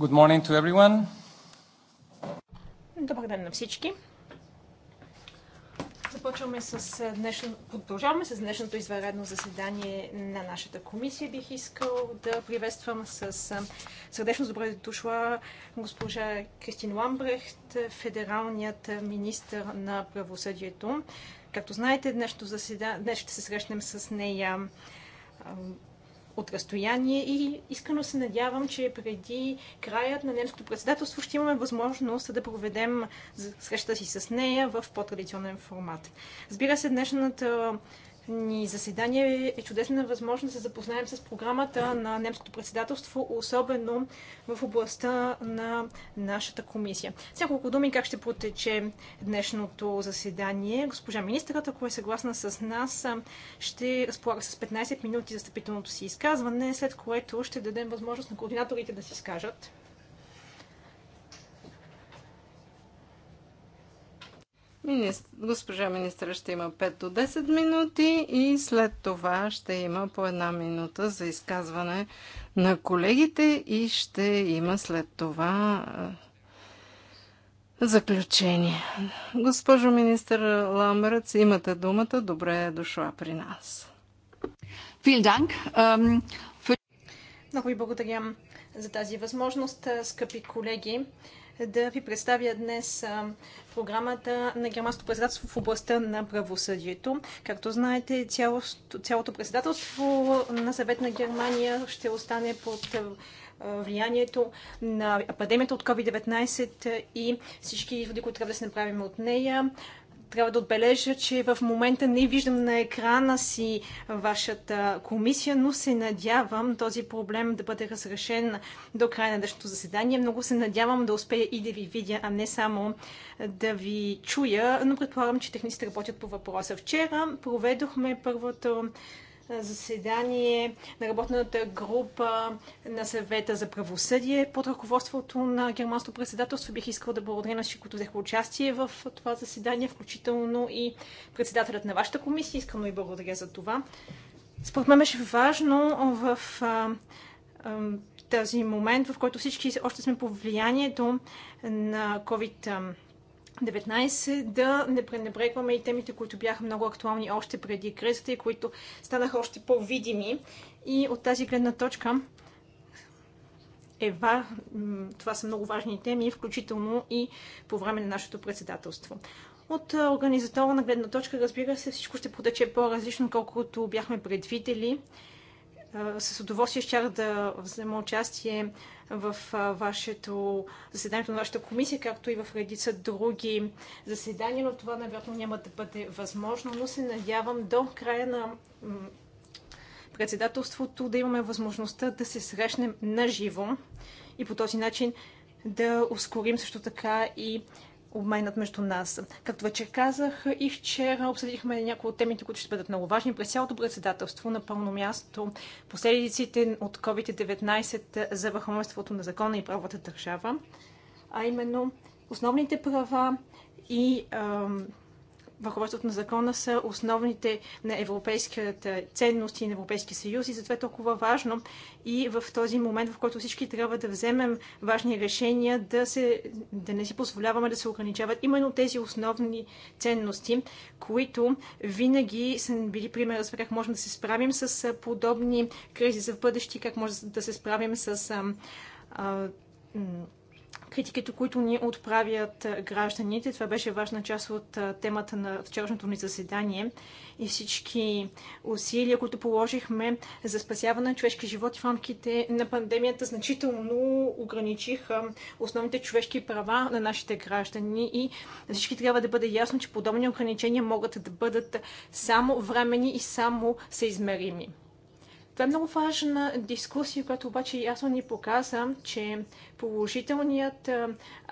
Good morning to everyone. Добър ден на всички. Започваме с е, днешно... Продължаваме с днешното изваредно заседание на нашата комисия. Бих искал да приветствам с е, сърдечно добре дошла госпожа Кристин Ламбрехт, федералният министр на правосъдието. Както знаете, днес ще, днес ще се срещнем с нея от разстояние и искрено се надявам, че преди краят на немското председателство ще имаме възможност да проведем срещата си с нея в по-традиционен формат. Разбира се, днешната ни заседание е чудесна възможност да се запознаем с програмата на немското председателство, особено в областта на нашата комисия. Сяколко думи как ще протече днешното заседание. Госпожа министърът, ако е съгласна с нас, ще разполага с 15 минути за стъпителното си изказване, след което ще дадем възможност на координаторите да си скажат. госпожа министра ще има 5 до 10 минути и след това ще има по една минута за изказване на колегите и ще има след това заключение. Госпожо министър Ламберец, имате думата. Добре е дошла при нас. Ähm, Много ви благодаря за тази възможност, скъпи колеги да ви представя днес програмата на германското председателство в областта на правосъдието. Както знаете, цялото, цялото председателство на съвет на Германия ще остане под влиянието на пандемията от COVID-19 и всички изводи, които трябва да се направим от нея трябва да отбележа, че в момента не виждам на екрана си вашата комисия, но се надявам този проблем да бъде разрешен до края на днешното заседание. Много се надявам да успея и да ви видя, а не само да ви чуя, но предполагам, че техниците работят по въпроса. Вчера проведохме първото заседание на работната група на съвета за правосъдие под ръководството на германското председателство. Бих искал да благодаря на всички, които взеха участие в това заседание, включително и председателят на вашата комисия. Искам и благодаря за това. Според мен беше важно в а, а, този момент, в който всички още сме по влиянието на COVID-19 19 да не пренебрегваме и темите, които бяха много актуални още преди кризата и които станаха още по-видими. И от тази гледна точка ева, това са много важни теми, включително и по време на нашето председателство. От организаторна гледна точка, разбира се, всичко ще потече по-различно, колкото бяхме предвидели с удоволствие щях да взема участие в вашето заседанието на вашата комисия, както и в редица други заседания, но това навероятно, няма да бъде възможно, но се надявам до края на председателството да имаме възможността да се срещнем на живо и по този начин да ускорим също така и обменът между нас. Както вече казах и вчера обсъдихме някои от темите, които ще бъдат много важни през цялото председателство на пълно място. Последиците от COVID-19 за върховенството на закона и правата държава, а именно основните права и ам, върховенството на закона са основните на европейската ценности на Европейския съюз и затова е толкова важно и в този момент, в който всички трябва да вземем важни решения, да, се, да не си позволяваме да се ограничават именно тези основни ценности, които винаги са били пример за как можем да се справим с подобни кризи за бъдещи, как може да се справим с а, а, критиките, които ни отправят гражданите. Това беше важна част от темата на вчерашното ни заседание и всички усилия, които положихме за спасяване на човешки животи в рамките на пандемията, значително ограничиха основните човешки права на нашите граждани и всички трябва да бъде ясно, че подобни ограничения могат да бъдат само времени и само съизмерими. Това е много важна дискусия, която обаче ясно ни показа, че положителният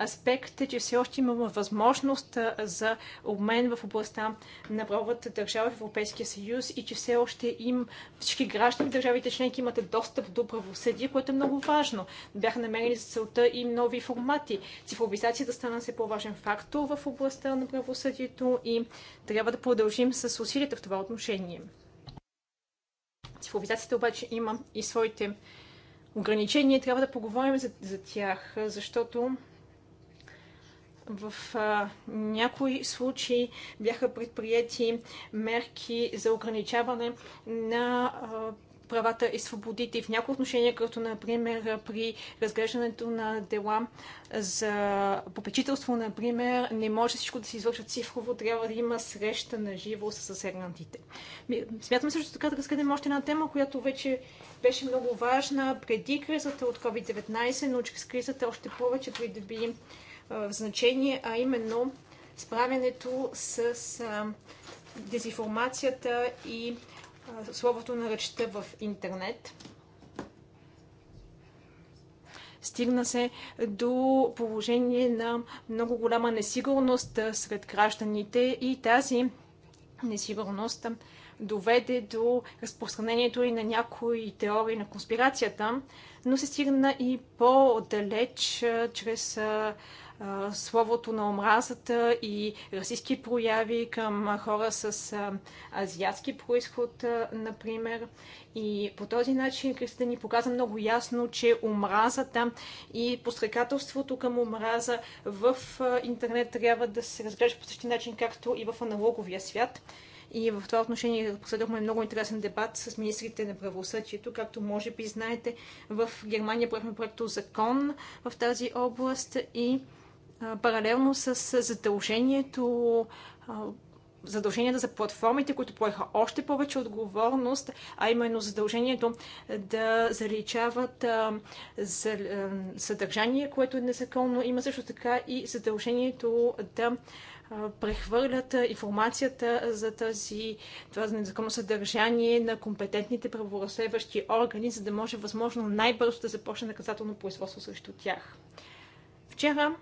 аспект е, че все още имаме възможност за обмен в областта на правовата държава в Европейския съюз и че все още им всички граждани държавите членки имат достъп до правосъдие, което е много важно. Бяха намерени за целта и нови формати. Цифровизацията стана все по-важен фактор в областта на правосъдието и трябва да продължим с усилията в това отношение. Цифровизацията обаче има и своите ограничения. Трябва да поговорим за, за тях, защото в а, някои случаи бяха предприяти мерки за ограничаване на а, правата и свободите и в някои отношения, като например при разглеждането на дела за попечителство, например, не може всичко да се извършва цифрово, трябва да има среща на живо с засегнатите. Смятам също така да разгледам още една тема, която вече беше много важна преди кризата от COVID-19, но чрез кризата още повече придоби значение, а именно справянето с дезинформацията и словото на речта в интернет. Стигна се до положение на много голяма несигурност сред гражданите и тази несигурност доведе до разпространението и на някои теории на конспирацията, но се стигна и по-далеч чрез словото на омразата и расистски прояви към хора с азиатски происход, например. И по този начин Кристина ни показа много ясно, че омразата и пострекателството към омраза в интернет трябва да се разглежда по същия начин, както и в аналоговия свят. И в това отношение последвахме много интересен дебат с министрите на правосъдието. Както може би знаете, в Германия правихме проекто закон в тази област и паралелно с задължението задълженията за платформите, които поеха още повече отговорност, а именно задължението да заличават съдържание, което е незаконно. Има също така и задължението да прехвърлят информацията за тази, това незаконно съдържание на компетентните праворазследващи органи, за да може възможно най-бързо да започне наказателно производство срещу тях. Вчера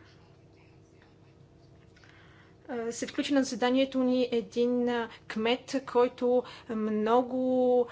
се включи на заседанието ни един кмет, който много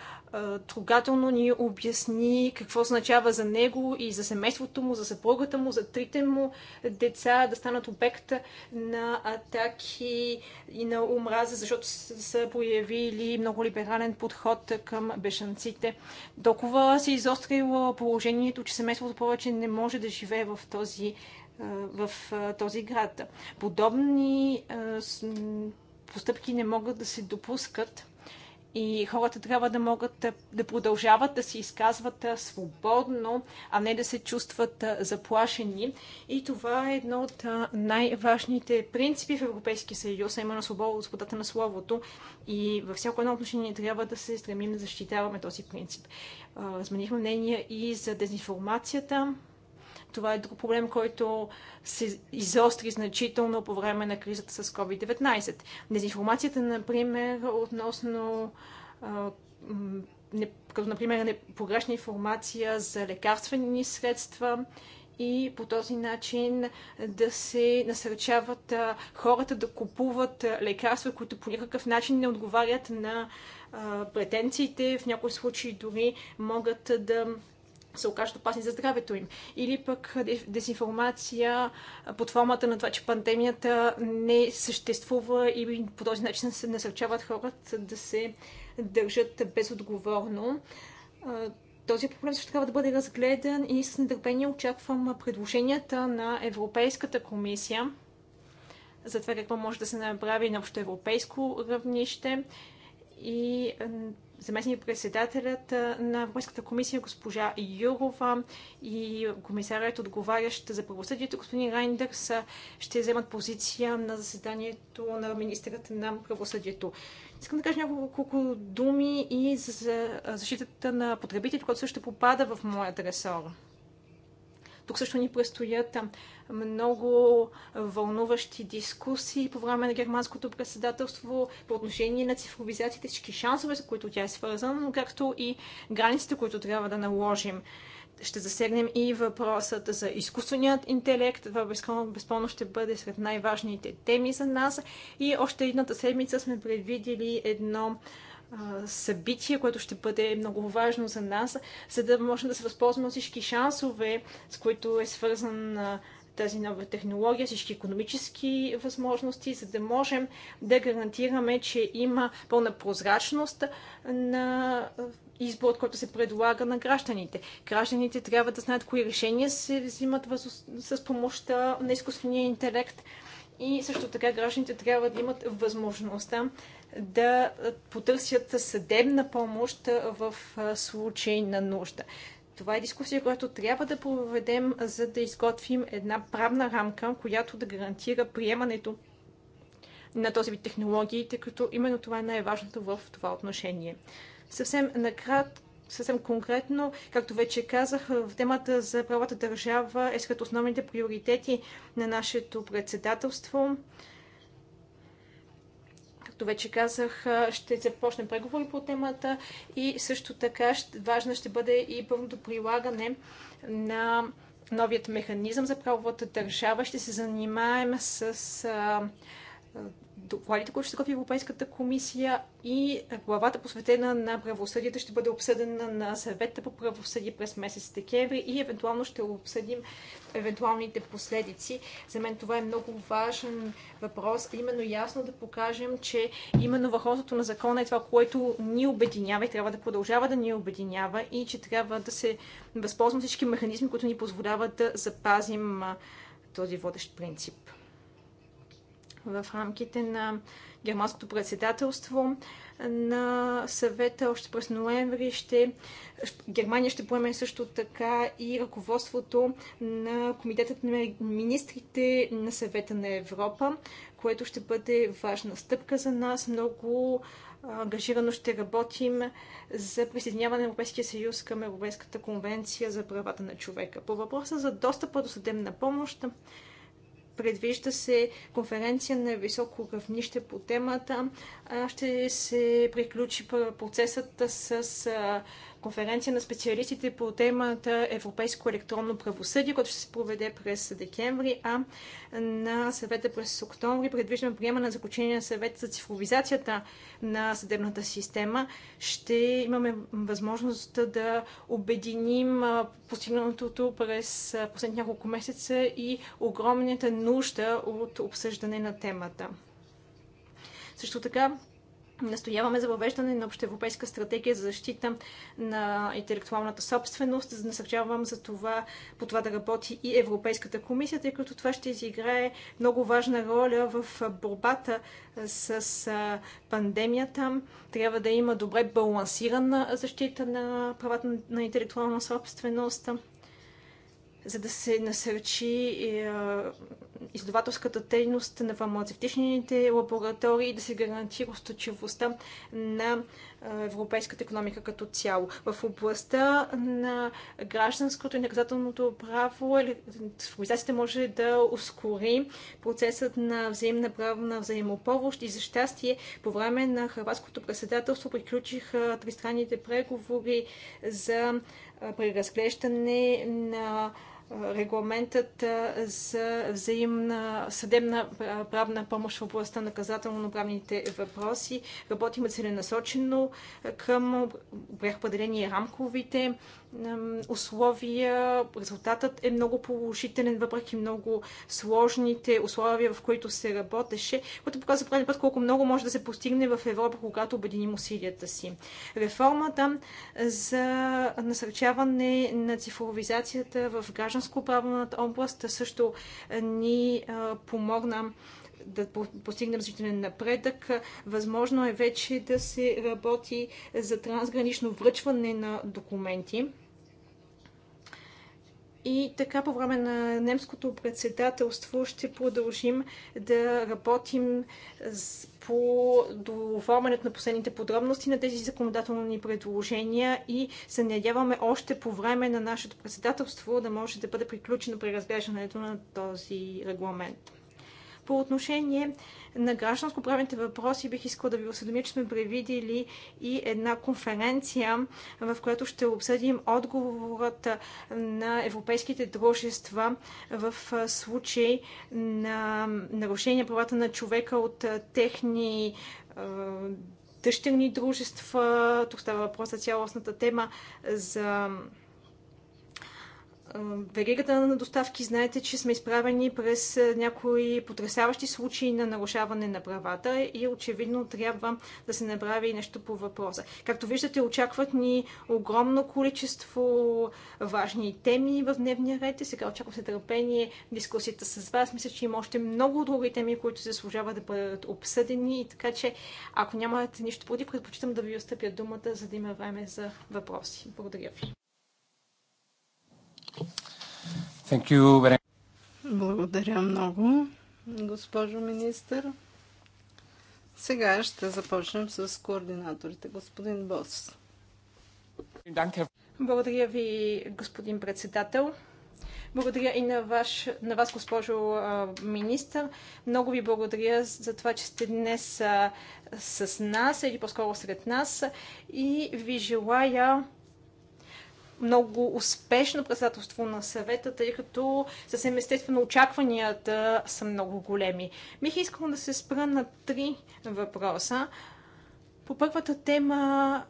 трогателно ни обясни какво означава за него и за семейството му, за съпругата му, за трите му деца да станат обект на атаки и на омраза, защото са появили много либерален подход към бешанците. Толкова се изострило положението, че семейството повече не може да живее в този в този град. Подобни постъпки не могат да се допускат и хората трябва да могат да продължават да се изказват свободно, а не да се чувстват заплашени. И това е едно от най-важните принципи в Европейския съюз, а именно свобода от свободата на словото. И във всяко едно отношение трябва да се стремим да защитаваме този принцип. Разменихме мнения и за дезинформацията, това е друг проблем, който се изостри значително по време на кризата с COVID-19. Дезинформацията, например, относно като, например, погрешна информация за лекарствени средства и по този начин да се насърчават хората да купуват лекарства, които по никакъв начин не отговарят на претенциите, в някои случаи дори могат да се окажат опасни за здравето им. Или пък дезинформация под формата на това, че пандемията не съществува и по този начин се насърчават хората да се държат безотговорно. Този проблем също трябва да бъде разгледан и с нетърпение очаквам предложенията на Европейската комисия за това какво може да се направи на общоевропейско равнище и заместник председателят на Европейската комисия госпожа Юрова и комисарят отговарящ за правосъдието господин Райндърс ще вземат позиция на заседанието на министрата на правосъдието. Искам да кажа няколко думи и за защитата на потребителите, което също попада в моят ресор. Тук също ни предстоят много вълнуващи дискусии по време на германското председателство по отношение на цифровизацията, всички шансове, за които тя е свързана, но както и границите, които трябва да наложим. Ще засегнем и въпросът за изкуственият интелект. Това безпълно ще бъде сред най-важните теми за нас. И още едната седмица сме предвидели едно събитие, което ще бъде много важно за нас, за да можем да се възползваме от всички шансове, с които е свързан тази нова технология, всички економически възможности, за да можем да гарантираме, че има пълна прозрачност на изборът, който се предлага на гражданите. Гражданите трябва да знаят кои решения се взимат с помощта на изкуствения интелект, и също така гражданите трябва да имат възможността да потърсят съдебна помощ в случай на нужда. Това е дискусия, която трябва да проведем, за да изготвим една правна рамка, която да гарантира приемането на този вид технологии, тъй като именно това е най-важното в това отношение. Съвсем накратко съвсем конкретно, както вече казах, в темата за правата държава е сред основните приоритети на нашето председателство. Както вече казах, ще започнем преговори по темата и също така важно ще бъде и пълното прилагане на новият механизъм за правовата държава. Ще се занимаем с докладите, които ще в Европейската комисия и главата посветена на правосъдието ще бъде обсъдена на съвета по правосъдие през месец декември и евентуално ще обсъдим евентуалните последици. За мен това е много важен въпрос, а именно ясно да покажем, че именно върховството на закона е това, което ни обединява и трябва да продължава да ни обединява и че трябва да се възползваме всички механизми, които ни позволяват да запазим този водещ принцип в рамките на германското председателство на съвета още през ноември ще Германия ще поеме също така и ръководството на Комитетът на министрите на съвета на Европа, което ще бъде важна стъпка за нас. Много ангажирано ще работим за присъединяване на Европейския съюз към Европейската конвенция за правата на човека. По въпроса за достъпа до съдебна помощ, Предвижда се конференция на високо равнище по темата. Ще се приключи процесът с конференция на специалистите по темата Европейско електронно правосъдие, което ще се проведе през декември, а на съвета през октомври предвиждаме приема на заключение на съвет за цифровизацията на съдебната система. Ще имаме възможност да обединим постигнатото през последните няколко месеца и огромната нужда от обсъждане на темата. Също така Настояваме за въвеждане на общоевропейска стратегия за защита на интелектуалната собственост, за да насърчавам за това, по това да работи и Европейската комисия, тъй като това ще изиграе много важна роля в борбата с пандемията. Трябва да има добре балансирана защита на правата на интелектуална собственост за да се насърчи е, издователската дейност на фармацевтичните лаборатории и да се гарантира устойчивостта на е, европейската економика като цяло. В областта на гражданското и наказателното право е цифровизацията може да ускори процесът на взаимна правна взаимопомощ и за щастие по време на хрватското председателство приключиха тристранните преговори за преразглеждане на регламентът за взаимна съдебна правна помощ в областта на наказателно-правните въпроси. Работим целенасочено към определени рамковите условия. Резултатът е много положителен, въпреки много сложните условия, в които се работеше, което показва преди път колко много може да се постигне в Европа, когато обединим усилията си. Реформата за насърчаване на цифровизацията в гражданско право на област също ни помогна да постигнем значителен напредък. Възможно е вече да се работи за трансгранично връчване на документи. И така по време на немското председателство ще продължим да работим по доформането на последните подробности на тези законодателни предложения и се надяваме още по време на нашето председателство да може да бъде приключено при разглеждането на този регламент. По отношение на гражданско-правните въпроси бих искала да ви осведомя, че сме превидели и една конференция, в която ще обсъдим отговорът на европейските дружества в случай на нарушение правата на човека от техни дъщерни дружества. Тук става въпрос за цялостната тема за веригата на доставки знаете, че сме изправени през е, някои потрясаващи случаи на нарушаване на правата и очевидно трябва да се направи нещо по въпроса. Както виждате, очакват ни огромно количество важни теми в дневния ред и сега очаквам се търпение дискусията с вас. Мисля, че има още много други теми, които се служават да бъдат обсъдени и така че, ако нямате нищо против, предпочитам да ви оставя думата, за да има време за въпроси. Благодаря ви. Thank you very... Благодаря много, госпожо министър. Сега ще започнем с координаторите. Господин Бос. Благодаря ви, господин председател. Благодаря и на, ваш, на вас, госпожо министър. Много ви благодаря за това, че сте днес с нас или по-скоро сред нас и ви желая много успешно председателство на съвета, тъй като съвсем естествено очакванията са много големи. Бих искала да се спра на три въпроса. По първата тема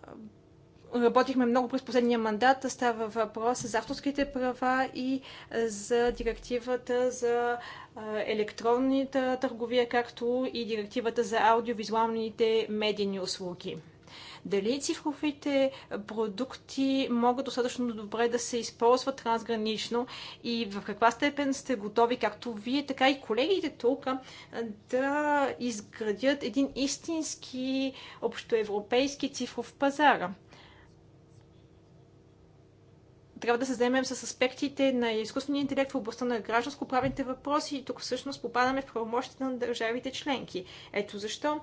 работихме много през последния мандат. Става въпрос за авторските права и за директивата за електронната търговия, както и директивата за аудиовизуалните медийни услуги дали цифровите е, продукти могат достатъчно добре да се използват трансгранично и в каква степен сте готови, както вие, така и колегите тук, е, да изградят един истински общоевропейски цифров пазар трябва да се вземем с аспектите на изкуствения интелект в областта на гражданско-правните въпроси и тук всъщност попадаме в правомощите на държавите членки. Ето защо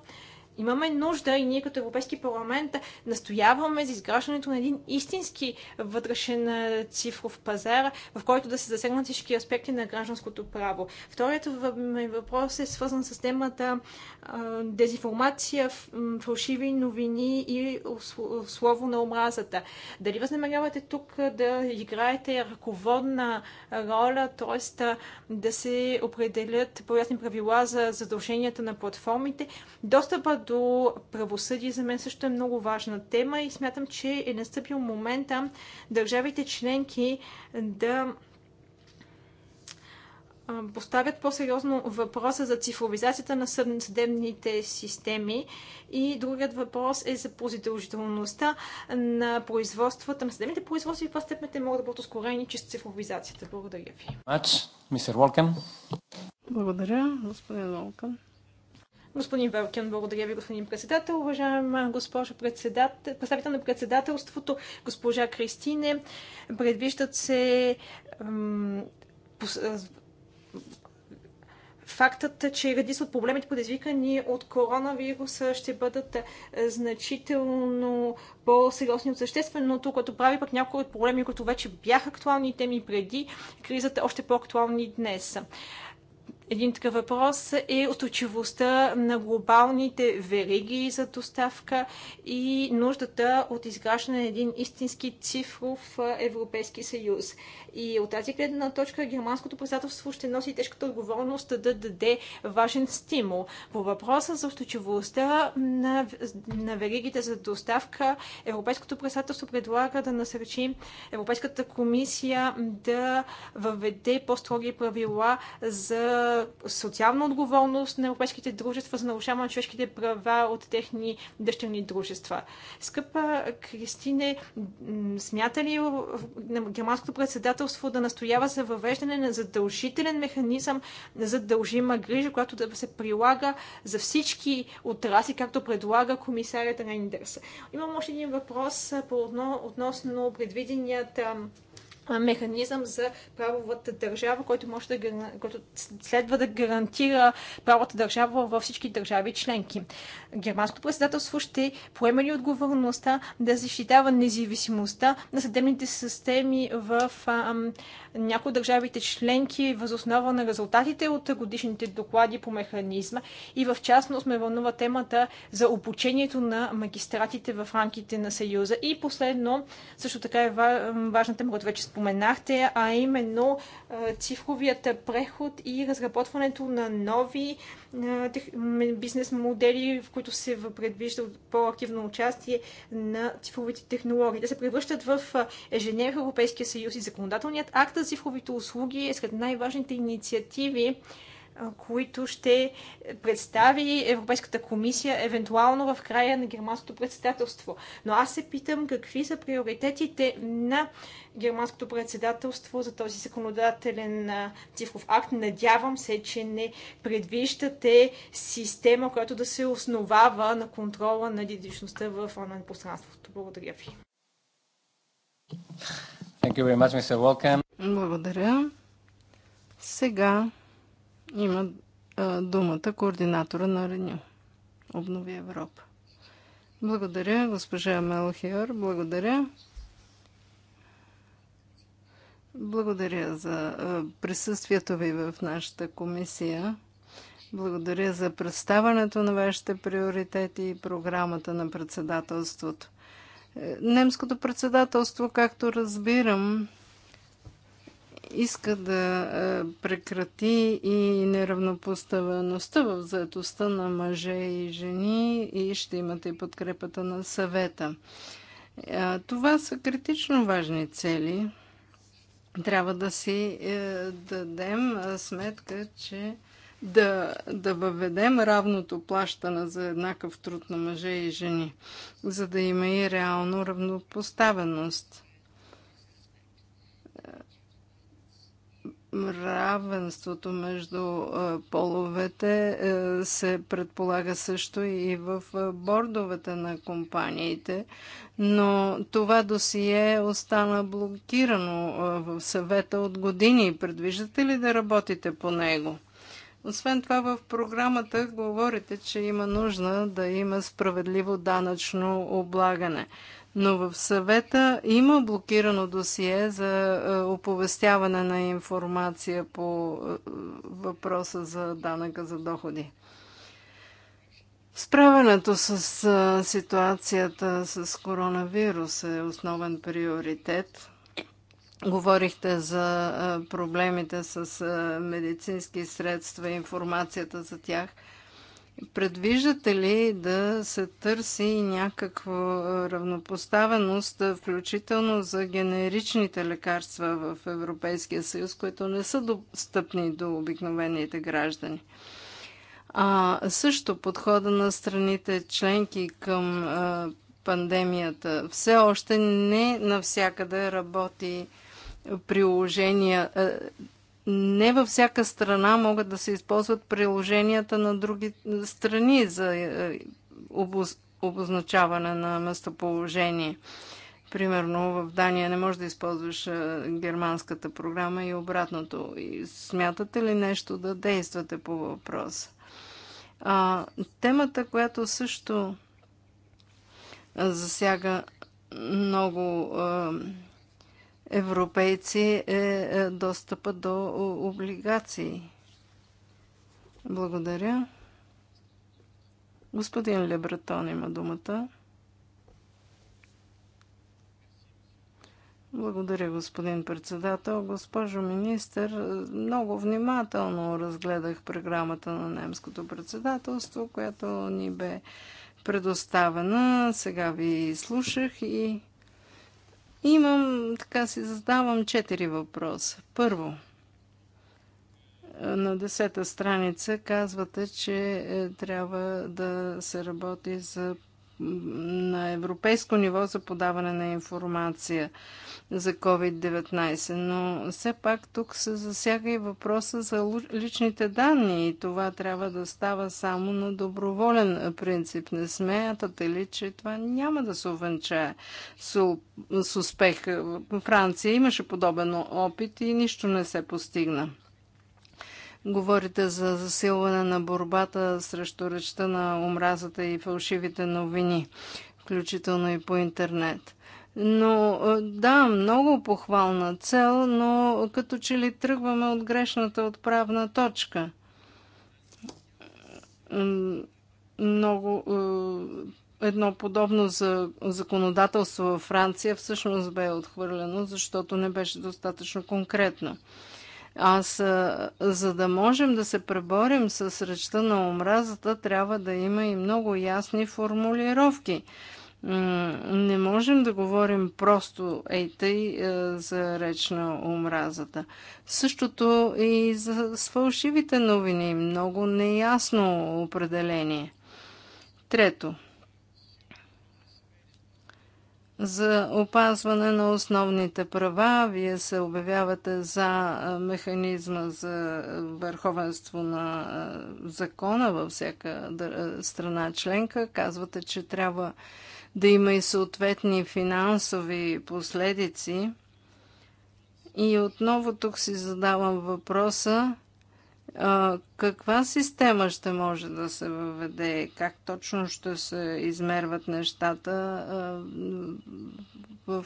Имаме нужда и ние като Европейски парламент настояваме за изграждането на един истински вътрешен цифров пазар, в който да се засегнат всички аспекти на гражданското право. Вторият въпрос е свързан с темата дезинформация, фалшиви новини и слово на омразата. Дали възнамерявате тук да играете ръководна роля, т.е. да се определят по-ясни правила за задълженията на платформите, достъпа до правосъдие за мен също е много важна тема и смятам, че е настъпил момента държавите членки да поставят по-сериозно въпроса за цифровизацията на съдебните системи и другият въпрос е за продължителността на производствата, на съдебните производства и в степен те могат да бъдат ускорени чрез цифровизацията. Благодаря ви. Благодаря, господин Волкан. Господин Велкин, благодаря ви, господин председател. Уважаема госпожа председател, представител на председателството, госпожа Кристине, предвиждат се фактът, че редис от проблемите, предизвикани от коронавируса, ще бъдат значително по-сериозни от същественото, което прави пък някои от проблеми, които вече бяха актуални теми преди кризата, още по-актуални днес. Един такъв въпрос е устойчивостта на глобалните вериги за доставка и нуждата от изграждане на един истински цифров Европейски съюз. И от тази гледна точка германското председателство ще носи тежката отговорност да даде важен стимул. По въпроса за устойчивостта на, на веригите за доставка, Европейското председателство предлага да насърчи Европейската комисия да въведе по-строги правила за социална отговорност на европейските дружества за нарушаване на човешките права от техни дъщерни дружества. Скъпа Кристине, смята ли германското председателство да настоява за въвеждане на задължителен механизъм за дължима грижа, която да се прилага за всички отрасли, както предлага комисарят Рейндерс? Имам още един въпрос по относно предвиденият механизъм за правовата държава, който, може да, който следва да гарантира правовата държава във всички държави членки. Германското председателство ще поеме ли отговорността да защитава независимостта на съдебните системи в а, някои държавите членки въз основа на резултатите от годишните доклади по механизма и в частност ме вълнува темата за обучението на магистратите в рамките на Съюза. И последно, също така е важна тема, която вече споменахте, а именно цифровият преход и разработването на нови бизнес модели, в които се предвижда по-активно участие на цифровите технологии. Те се превръщат в ежедневие в Европейския съюз и законодателният акт за цифровите услуги е сред най-важните инициативи, които ще представи Европейската комисия, евентуално в края на германското председателство. Но аз се питам какви са приоритетите на германското председателство за този законодателен цифров акт. Надявам се, че не предвиждате система, която да се основава на контрола на дидичността в онлайн пространството. Благодаря ви. Thank you very much, Mr. Благодаря. Сега има думата координатора на Реню. Обнови Европа. Благодаря, госпожа Мелхиор. Благодаря. Благодаря за присъствието ви в нашата комисия. Благодаря за представането на вашите приоритети и програмата на председателството. Немското председателство, както разбирам, иска да е, прекрати и неравнопоставеността в заедостта на мъже и жени и ще имате и подкрепата на съвета. Е, това са критично важни цели. Трябва да си е, дадем сметка, че да, да въведем равното плащане за еднакъв труд на мъже и жени, за да има и реално равнопоставеност. равенството между половете се предполага също и в бордовете на компаниите, но това досие остана блокирано в съвета от години. Предвиждате ли да работите по него? Освен това, в програмата говорите, че има нужда да има справедливо данъчно облагане но в съвета има блокирано досие за е, оповестяване на информация по е, въпроса за данъка за доходи. Справянето с е, ситуацията с коронавирус е основен приоритет. Говорихте за проблемите с медицински средства и информацията за тях – Предвиждате ли да се търси някаква равнопоставеност, включително за генеричните лекарства в Европейския съюз, които не са достъпни до обикновените граждани? А също подхода на страните членки към а, пандемията. Все още не навсякъде работи приложения, не във всяка страна могат да се използват приложенията на други страни за е, обоз... обозначаване на местоположение. Примерно в Дания не можеш да използваш е, германската програма и обратното. И смятате ли нещо да действате по въпроса? А, темата, която също е, засяга много европейци е, е достъпа до облигации. Благодаря. Господин Лебретон има думата. Благодаря, господин председател. Госпожо министър, много внимателно разгледах програмата на немското председателство, която ни бе предоставена. Сега ви слушах и Имам, така си задавам четири въпроса. Първо, е, на десета страница казвате, че е, трябва да се работи за на европейско ниво за подаване на информация за COVID-19. Но все пак тук се засяга и въпроса за личните данни и това трябва да става само на доброволен принцип. Не смеятате ли, че това няма да се увенчае с, успех В Франция имаше подобен опит и нищо не се постигна. Говорите за засилване на борбата срещу речта на омразата и фалшивите новини, включително и по интернет. Но е, да, много похвална цел, но като че ли тръгваме от грешната отправна точка. Много е, едно подобно за законодателство във Франция всъщност бе отхвърлено, защото не беше достатъчно конкретно. Аз, за да можем да се преборим с речта на омразата, трябва да има и много ясни формулировки. Не можем да говорим просто ей тъй за реч на омразата. Същото и за фалшивите новини. Много неясно определение. Трето, за опазване на основните права. Вие се обявявате за механизма за върховенство на закона във всяка страна членка. Казвате, че трябва да има и съответни финансови последици. И отново тук си задавам въпроса каква система ще може да се въведе? Как точно ще се измерват нещата? В,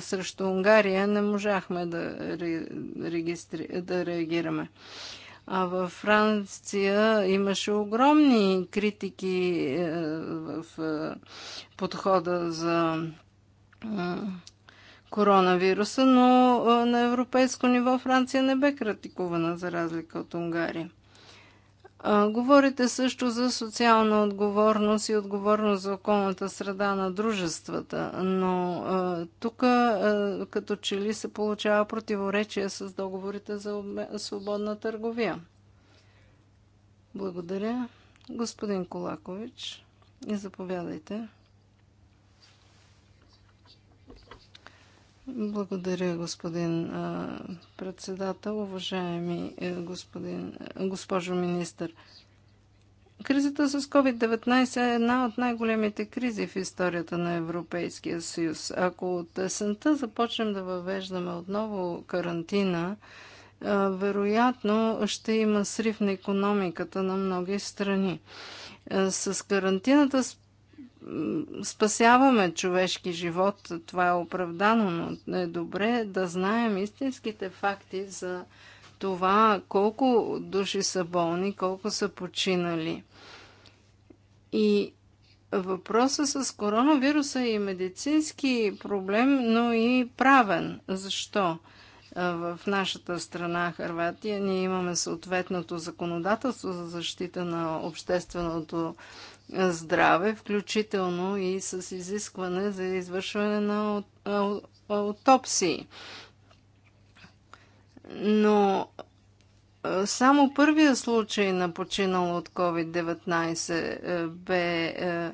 срещу Унгария не можахме да, регистри... да реагираме. А във Франция имаше огромни критики е, в е, подхода за коронавируса, но на европейско ниво Франция не бе критикувана за разлика от Унгария. Говорите също за социална отговорност и отговорност за околната среда на дружествата, но тук като че ли се получава противоречие с договорите за свободна търговия. Благодаря. Господин Колакович, и заповядайте. Благодаря, господин председател, уважаеми е, господин, е, госпожо министър. Кризата с COVID-19 е една от най-големите кризи в историята на Европейския съюз. Ако от есента започнем да въвеждаме отново карантина, вероятно ще има срив на економиката на многи страни. С карантината спасяваме човешки живот, това е оправдано, но е добре да знаем истинските факти за това колко души са болни, колко са починали. И въпросът с коронавируса е и медицински проблем, но и правен. Защо? В нашата страна, Харватия, ние имаме съответното законодателство за защита на общественото здраве, включително и с изискване за извършване на аутопсии. Но само първия случай на починал от COVID-19 е, бе е,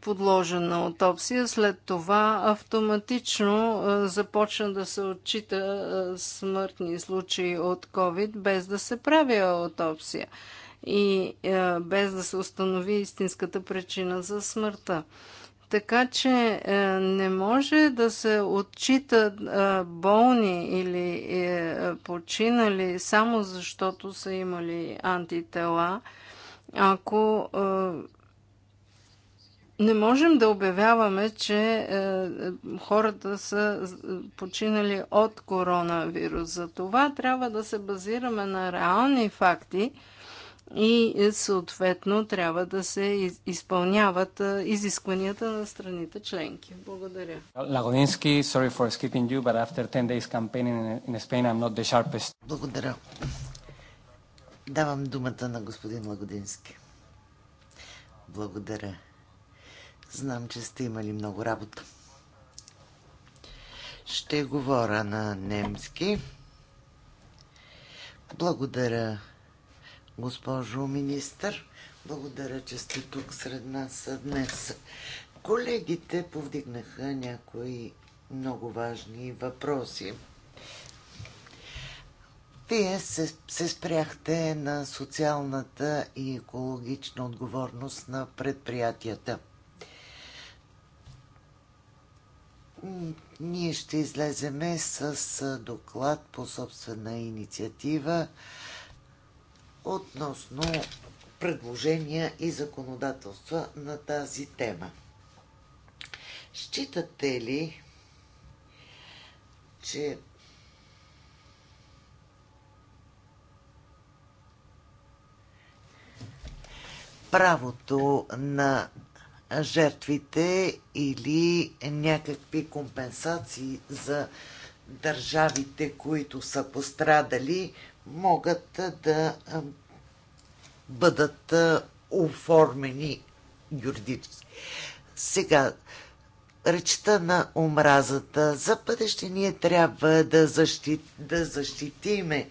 подложен на аутопсия. След това автоматично започна да се отчита смъртни случаи от COVID без да се прави аутопсия и е, без да се установи истинската причина за смъртта. Така че е, не може да се отчитат е, болни или е, починали само защото са имали антитела, ако е, не можем да обявяваме, че е, хората са починали от коронавирус. За това трябва да се базираме на реални факти – и е, съответно трябва да се изпълняват е, изискванията на страните членки. Благодаря. Лагодински, sorry for skipping you, but after 10 days campaign in Spain, I'm not the sharpest. Благодаря. Давам думата на господин Лагодински. Благодаря. Знам, че сте имали много работа. Ще говоря на немски. Благодаря госпожо министър. Благодаря, че сте тук сред нас днес. Колегите повдигнаха някои много важни въпроси. Вие се, се спряхте на социалната и екологична отговорност на предприятията. Ние ще излеземе с доклад по собствена инициатива относно предложения и законодателства на тази тема. Считате ли, че правото на жертвите или някакви компенсации за държавите, които са пострадали, могат да бъдат оформени юридически. Сега, речта на омразата. За бъдеще ние трябва да, защит, да защитиме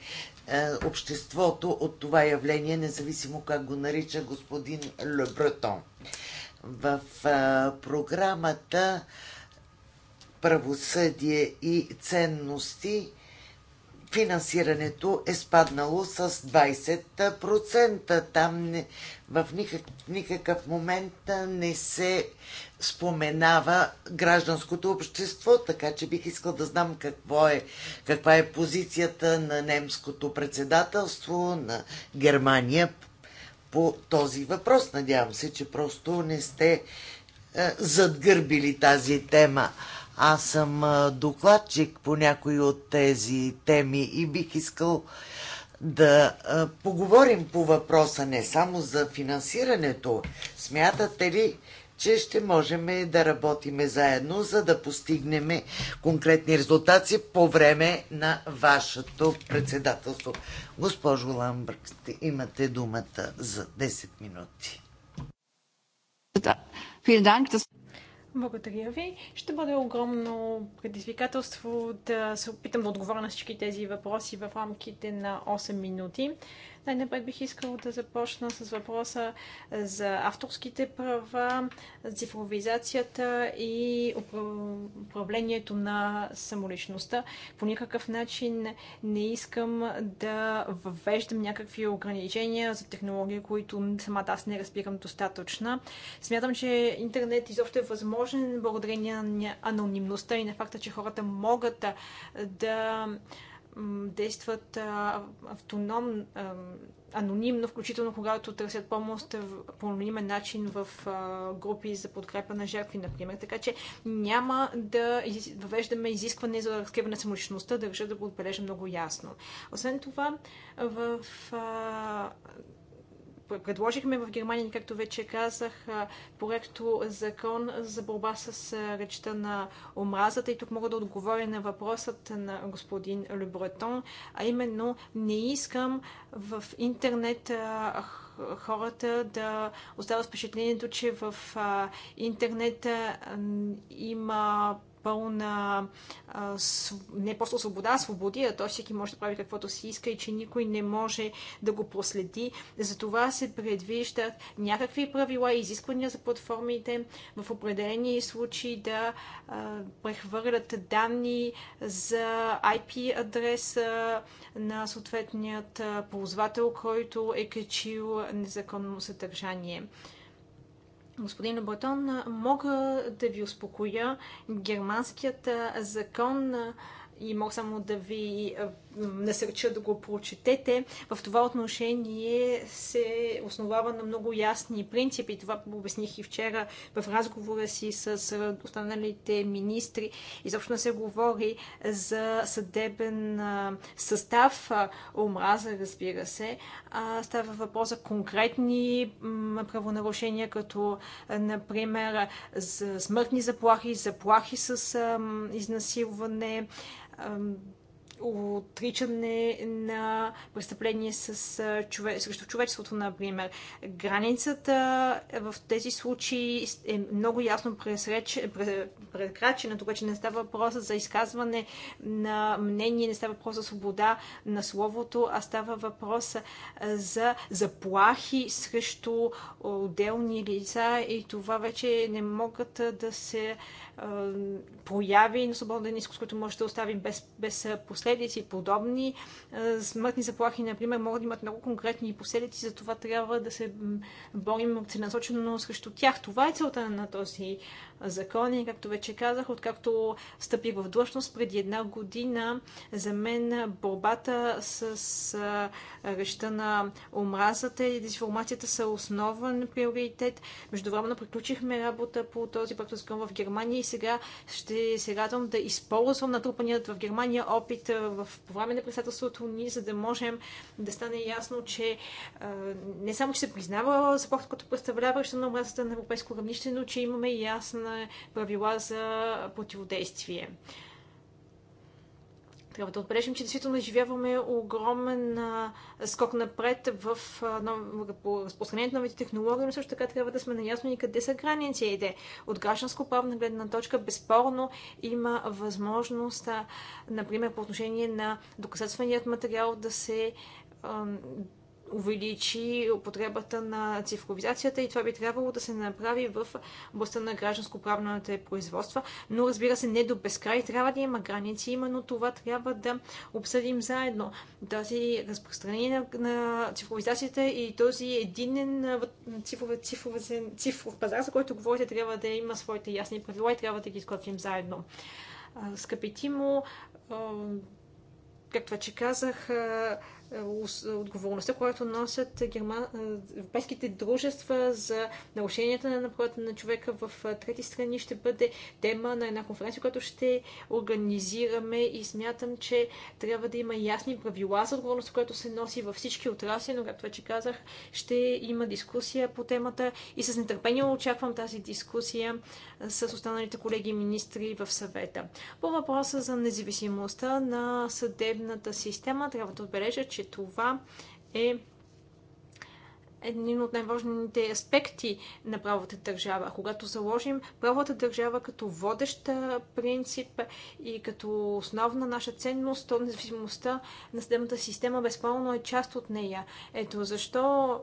е, обществото от това явление, независимо как го нарича господин Лебретон. В е, програмата Правосъдие и ценности финансирането е спаднало с 20%. Там не, в никак, никакъв момент не се споменава гражданското общество, така че бих искал да знам какво е, каква е позицията на немското председателство, на Германия по този въпрос. Надявам се, че просто не сте задгърбили тази тема. Аз съм докладчик по някои от тези теми и бих искал да поговорим по въпроса не само за финансирането. Смятате ли, че ще можем да работиме заедно, за да постигнем конкретни резултати по време на вашето председателство. Госпожо Ламбърг, имате думата за 10 минути. Благодаря ви. Ще бъде огромно предизвикателство да се опитам да отговоря на всички тези въпроси в рамките на 8 минути. Най-напред бих искал да започна с въпроса за авторските права, цифровизацията и управлението на самоличността. По никакъв начин не искам да въвеждам някакви ограничения за технологии, които самата аз не разбирам достатъчно. Смятам, че интернет изобщо е възможен благодарение на анонимността и на факта, че хората могат да действат автономно, анонимно, включително когато търсят помощ по анонимен начин в групи за подкрепа на жертви, например. Така че няма да въвеждаме изискване за разкриване самоличността, държа да го отбележа много ясно. Освен това, в предложихме в Германия, както вече казах, проекто закон за борба с речта на омразата. И тук мога да отговоря на въпросът на господин Лебретон, а именно не искам в интернет хората да остават впечатлението, че в интернет има пълна не просто свобода, свободи, а то всеки може да прави каквото си иска и че никой не може да го проследи. Затова се предвиждат някакви правила и изисквания за платформите в определени случаи да прехвърлят данни за IP адреса на съответният ползвател, който е качил незаконно съдържание. Господин Лебретон, мога да ви успокоя. Германският закон и мога само да ви насърча да го прочетете. В това отношение се основава на много ясни принципи. Това обясних и вчера в разговора си с останалите министри. Изобщо не се говори за съдебен състав, омраза, разбира се. става въпрос за конкретни правонарушения, като, например, за смъртни заплахи, заплахи с изнасилване, отричане на престъпление с чове... срещу човечеството, например. Границата е, в тези случаи е много ясно пресреч... прекрачена, тогава, че не става въпрос за изказване на мнение, не става въпрос за свобода на словото, а става въпрос за заплахи срещу отделни лица и това вече не могат да се прояви на свободен изкус, които може да оставим без, без последици. Подобни смъртни заплахи, например, могат да имат много конкретни последици, затова трябва да се борим целенасочено срещу тях. Това е целта на този закони. Както вече казах, откакто стъпих в длъжност преди една година, за мен борбата с реща на омразата и дезинформацията са основен приоритет. Междувременно приключихме работа по този проект закон в Германия и сега ще се радвам да използвам натрупаният в Германия опит в по време на председателството ни, за да можем да стане ясно, че не само, че се признава заплахата, като представлява речта на омразата на европейско равнище, но че имаме ясна на правила за противодействие. Трябва да отбележим, че действително изживяваме огромен а, скок напред в а, нов, по разпространението на новите технологии, но също така трябва да сме наясно и къде са границите. От гражданско-правна гледна точка безспорно има възможност, а, например, по отношение на доказателственият материал да се а, увеличи употребата на цифровизацията и това би трябвало да се направи в областта на гражданско-правната производства. Но разбира се, не до безкрай трябва да има граници. Именно това трябва да обсъдим заедно. Тази разпространение на цифровизацията и този единен цифров, цифров, цифров пазар, за който говорите, трябва да има своите ясни правила и трябва да ги изготвим заедно. Скъпи Тимо, както вече казах, е, отговорността, която носят герма... Е, европейските дружества за нарушенията на правата на човека в е, трети страни, ще бъде тема на една конференция, която ще организираме и смятам, че трябва да има ясни правила за отговорността, която се носи във всички отрасли, но както вече казах, ще има дискусия по темата и с нетърпение очаквам тази дискусия с останалите колеги министри в съвета. По въпроса за независимостта на съдебната система, трябва да отбележа, че това е един от най-важните аспекти на правовата държава. Когато заложим правата държава като водеща принцип и като основна наша ценност, то независимостта на съдебната система безпълно е част от нея. Ето защо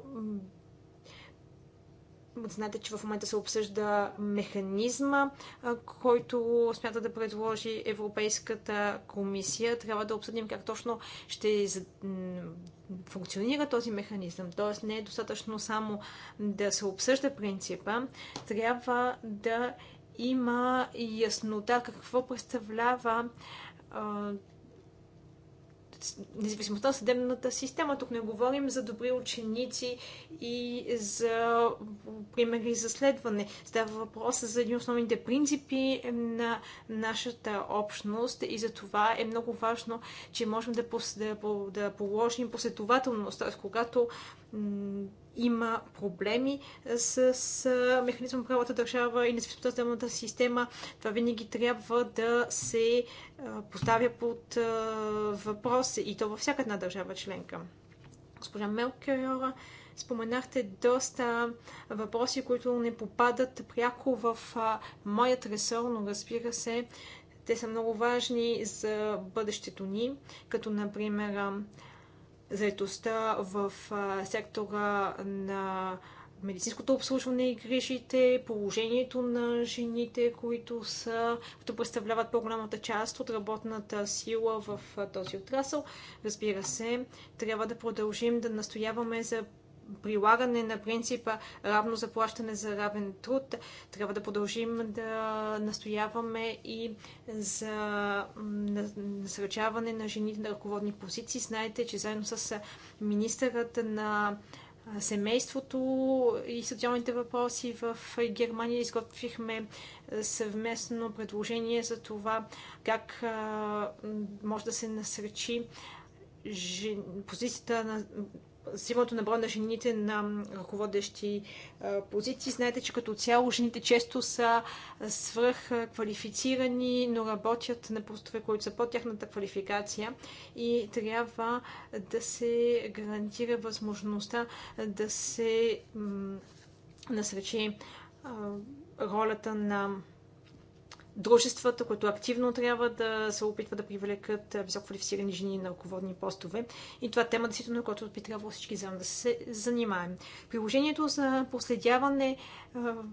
Знаете, че в момента се обсъжда механизма, който смята да предложи Европейската комисия. Трябва да обсъдим как точно ще функционира този механизъм. Тоест не е достатъчно само да се обсъжда принципа. Трябва да има яснота какво представлява независимостта на съдебната система. Тук не говорим за добри ученици и за примери за следване. Става въпрос за един основните принципи на нашата общност и за това е много важно, че можем да, да, да положим последователност. Т.е. когато има проблеми с, с механизъм правата държава и независимостта система. Това винаги трябва да се поставя под въпрос и то във всяка една държава членка. Госпожа Мелкерова, споменахте доста въпроси, които не попадат пряко в моят ресор, но разбира се, те са много важни за бъдещето ни, като например заедостта в сектора на медицинското обслужване и грижите, положението на жените, които са, които представляват по-голямата част от работната сила в този отрасъл. Разбира се, трябва да продължим да настояваме за прилагане на принципа равно заплащане за равен труд. Трябва да продължим да настояваме и за насръчаване на жените на ръководни позиции. Знаете, че заедно с министърът на семейството и социалните въпроси в Германия изготвихме съвместно предложение за това как може да се насръчи позицията на силното на броя на жените на ръководещи позиции. Знаете, че като цяло жените често са свръхквалифицирани, но работят на постове, които са под тяхната квалификация и трябва да се гарантира възможността да се насречи ролята на дружествата, които активно трябва да се опитват да привлекат висококвалифицирани жени на ръководни постове. И това е тема, действително, която би трябвало всички заедно да се занимаем. Приложението за последяване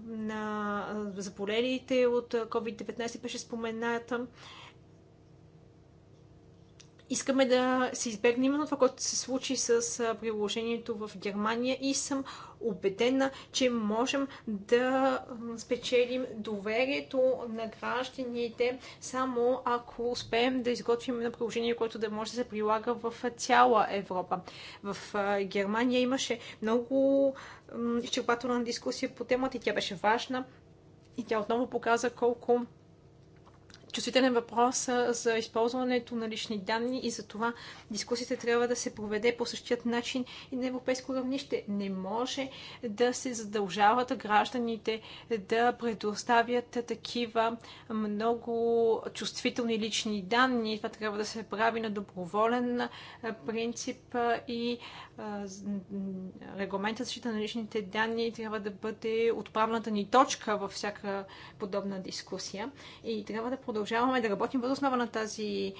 на заболелите от COVID-19 беше спомената искаме да се избегне именно това, което се случи с приложението в Германия и съм убедена, че можем да спечелим доверието на гражданите само ако успеем да изготвим на приложение, което да може да се прилага в цяла Европа. В Германия имаше много изчерпателна дискусия по темата и тя беше важна и тя отново показа колко чувствителен въпрос за използването на лични данни и за това дискусията трябва да се проведе по същият начин и на европейско равнище. Не може да се задължават гражданите да предоставят такива много чувствителни лични данни. Това трябва да се прави на доброволен принцип и регламентът защита на личните данни трябва да бъде отправната ни точка във всяка подобна дискусия и трябва да продължаваме да работим въз основа на тази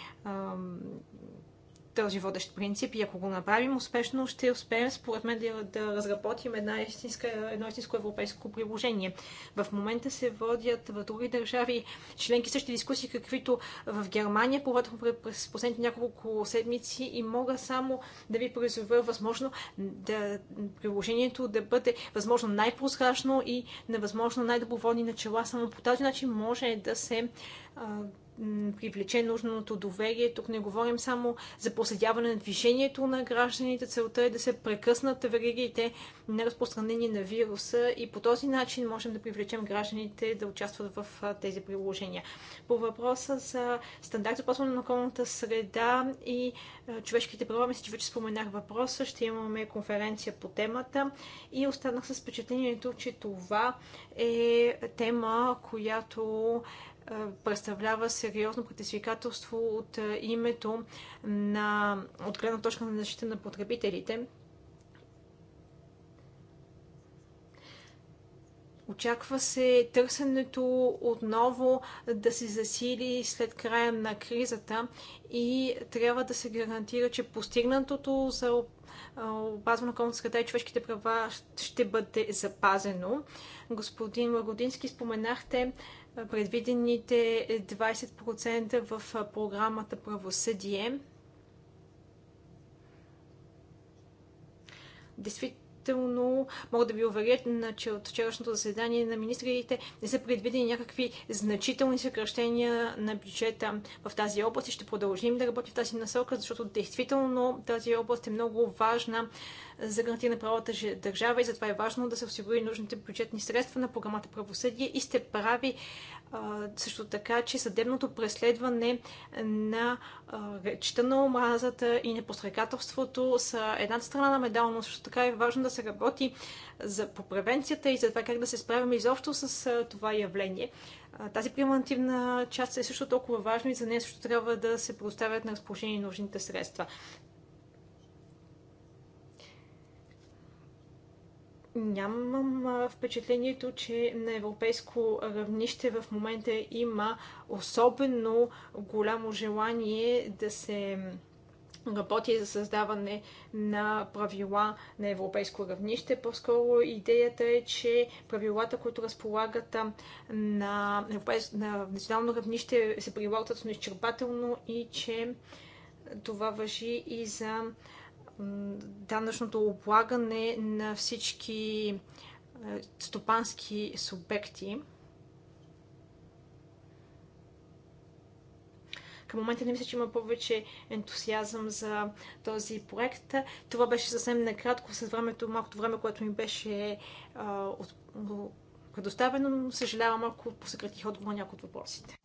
този водещ принцип и ако го направим успешно, ще успеем според мен да, да разработим една истинска, едно истинско европейско приложение. В момента се водят в други държави членки същи дискусии, каквито в Германия проведохме през последните няколко седмици и мога само да ви призова възможно да, приложението да бъде възможно най-прозрачно и невъзможно най-доброволни начала. Само по този начин може да се привлече нужното доверие. Тук не говорим само за проследяване на движението на гражданите. Целта е да се прекъснат веригите на разпространение на вируса и по този начин можем да привлечем гражданите да участват в тези приложения. По въпроса за стандарт за опазване на околната среда и човешките права, мисля, че вече споменах въпроса. Ще имаме конференция по темата и останах с впечатлението, че това е тема, която представлява сериозно предизвикателство от името на от гледна точка на защита на потребителите. Очаква се търсенето отново да се засили след края на кризата и трябва да се гарантира, че постигнатото за опазване на околната среда и човешките права ще бъде запазено. Господин Лагодински, споменахте предвидените 20% в програмата Правосъдие. Действително, мога да ви уверя, че от вчерашното заседание на министрите не са предвидени някакви значителни съкръщения на бюджета в тази област и ще продължим да работим в тази насока, защото действително тази област е много важна за гарантиране на правата държава и затова е важно да се осигури нужните бюджетни средства на програмата правосъдие и сте прави също така, че съдебното преследване на речта на омразата и непострекателството са едната страна на медал, но също така е важно да се работи за, по превенцията и за това как да се справим изобщо с това явление. Тази превентивна част е също толкова важна и за нея също трябва да се предоставят на разположение нужните средства. нямам впечатлението, че на европейско равнище в момента има особено голямо желание да се работи за създаване на правила на европейско равнище. По-скоро идеята е, че правилата, които разполагат на, европейс... на национално равнище, се прилагат изчерпателно и че това въжи и за данъчното облагане на всички е, стопански субекти. Към момента не мисля, че има повече ентусиазъм за този проект. Това беше съвсем накратко с времето, малкото време, което ми беше а, е, от, предоставено. Съжалявам, ако посъкратих отговор на някои от въпросите.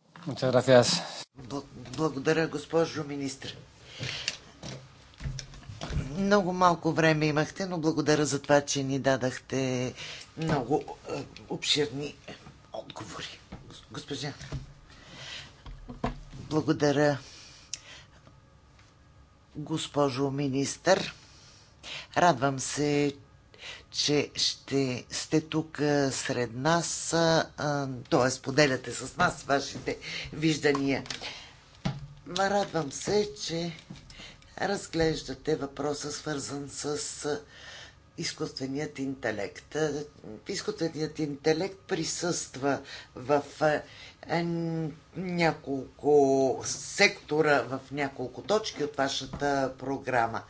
Благодаря, госпожо министр. Много малко време имахте, но благодаря за това, че ни дадахте много е, обширни е, отговори. Госпожа. Благодаря, госпожо министър. Радвам се, че ще сте тук е, сред нас, т.е. споделяте с нас вашите виждания. Радвам се, че разглеждате въпроса свързан с изкуственият интелект. Изкуственият интелект присъства в няколко сектора, в няколко точки от вашата програма.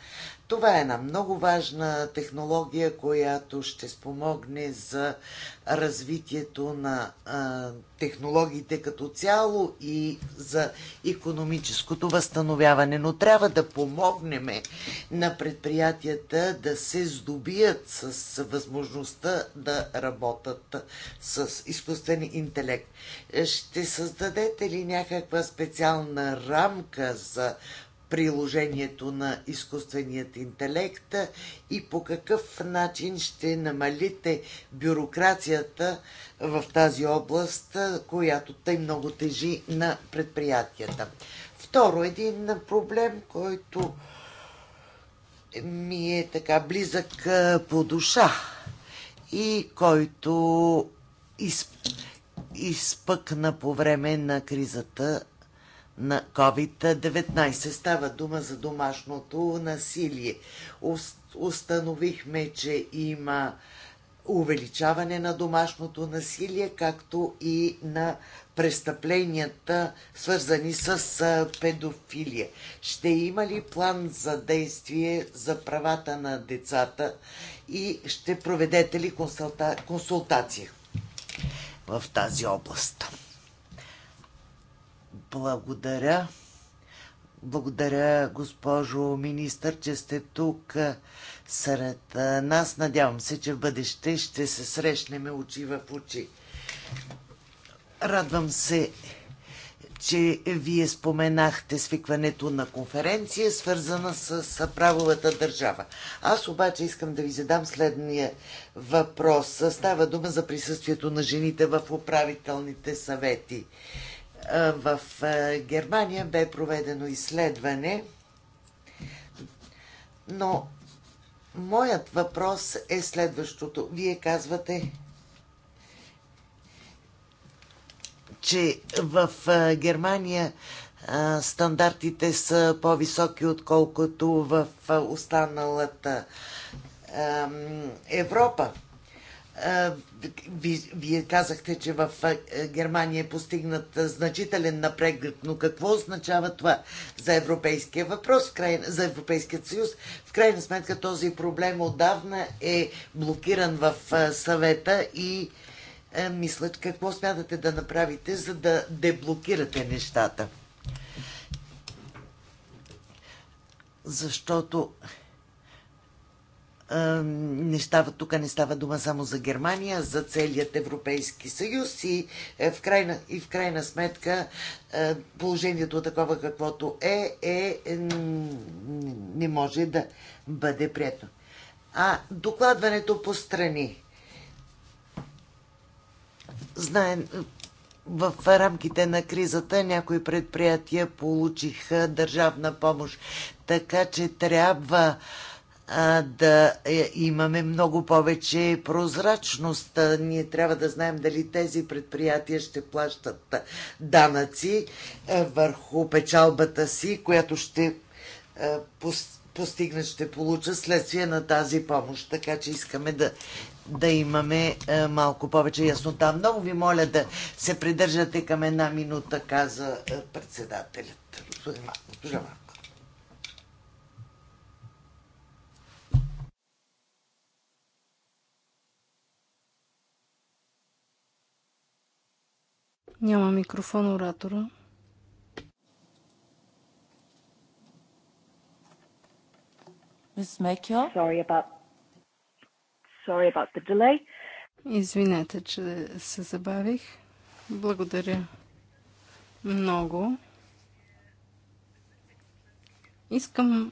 Това е една много важна технология, която ще спомогне за развитието на а, технологиите като цяло и за економическото възстановяване. Но трябва да помогнем на предприятията да се здобият с възможността да работят с изкуствен интелект. Ще създадете ли някаква специална рамка за приложението на изкуственият интелект и по какъв начин ще намалите бюрокрацията в тази област, която тъй много тежи на предприятията. Второ, един проблем, който ми е така близък по душа и който изпъкна по време на кризата на COVID-19. Става дума за домашното насилие. Установихме, че има увеличаване на домашното насилие, както и на престъпленията, свързани с педофилия. Ще има ли план за действие за правата на децата и ще проведете ли консулта... консултация в тази област? Благодаря. Благодаря, госпожо министър, че сте тук сред нас. Надявам се, че в бъдеще ще се срещнем очи в очи. Радвам се, че вие споменахте свикването на конференция, свързана с правовата държава. Аз обаче искам да ви задам следния въпрос. Става дума за присъствието на жените в управителните съвети в Германия бе проведено изследване, но моят въпрос е следващото. Вие казвате, че в Германия стандартите са по-високи, отколкото в останалата Европа вие казахте, че в Германия е постигнат значителен напреглед, но какво означава това за европейския въпрос, за Европейският съюз? В крайна сметка този проблем отдавна е блокиран в съвета и мисля, какво смятате да направите, за да деблокирате нещата? Защото не става, тук не става дума само за Германия, за целият Европейски съюз и е, в крайна, и в крайна сметка е, положението такова каквото е, е, е не може да бъде прието. А докладването по страни. Знаем, в рамките на кризата някои предприятия получиха държавна помощ, така че трябва да е, имаме много повече прозрачност. Ние трябва да знаем дали тези предприятия ще плащат данъци е, върху печалбата си, която ще е, постигнат, ще получат следствие на тази помощ. Така че искаме да, да имаме малко повече яснота. Много ви моля да се придържате към една минута, каза председателят. Госпожа Марко. Няма микрофон оратора. Miss Sorry about, sorry about the delay. Извинете, че се забавих. Благодаря много. Искам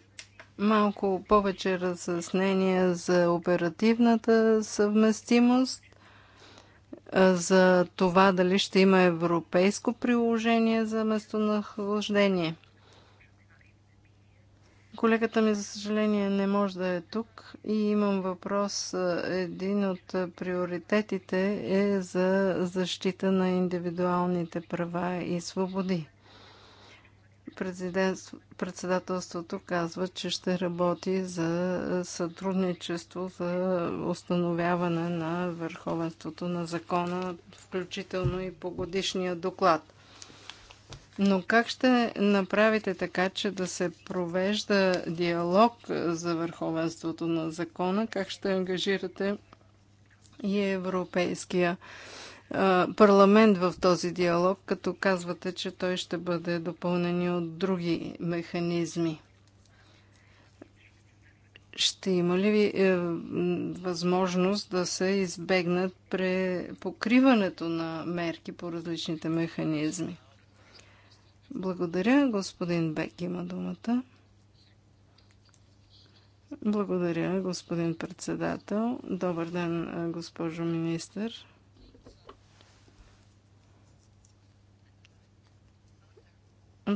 малко повече разяснения за оперативната съвместимост за това дали ще има европейско приложение за местонахлаждение. Колегата ми, за съжаление, не може да е тук и имам въпрос. Един от приоритетите е за защита на индивидуалните права и свободи председателството казва, че ще работи за е, сътрудничество за установяване на върховенството на закона, включително и по годишния доклад. Но как ще направите така, че да се провежда диалог за върховенството на закона? Как ще ангажирате и Европейския парламент в този диалог, като казвате, че той ще бъде допълнен и от други механизми. Ще има ли е, възможност да се избегнат покриването на мерки по различните механизми? Благодаря. Господин Бек има думата. Благодаря, господин председател. Добър ден, госпожо министър.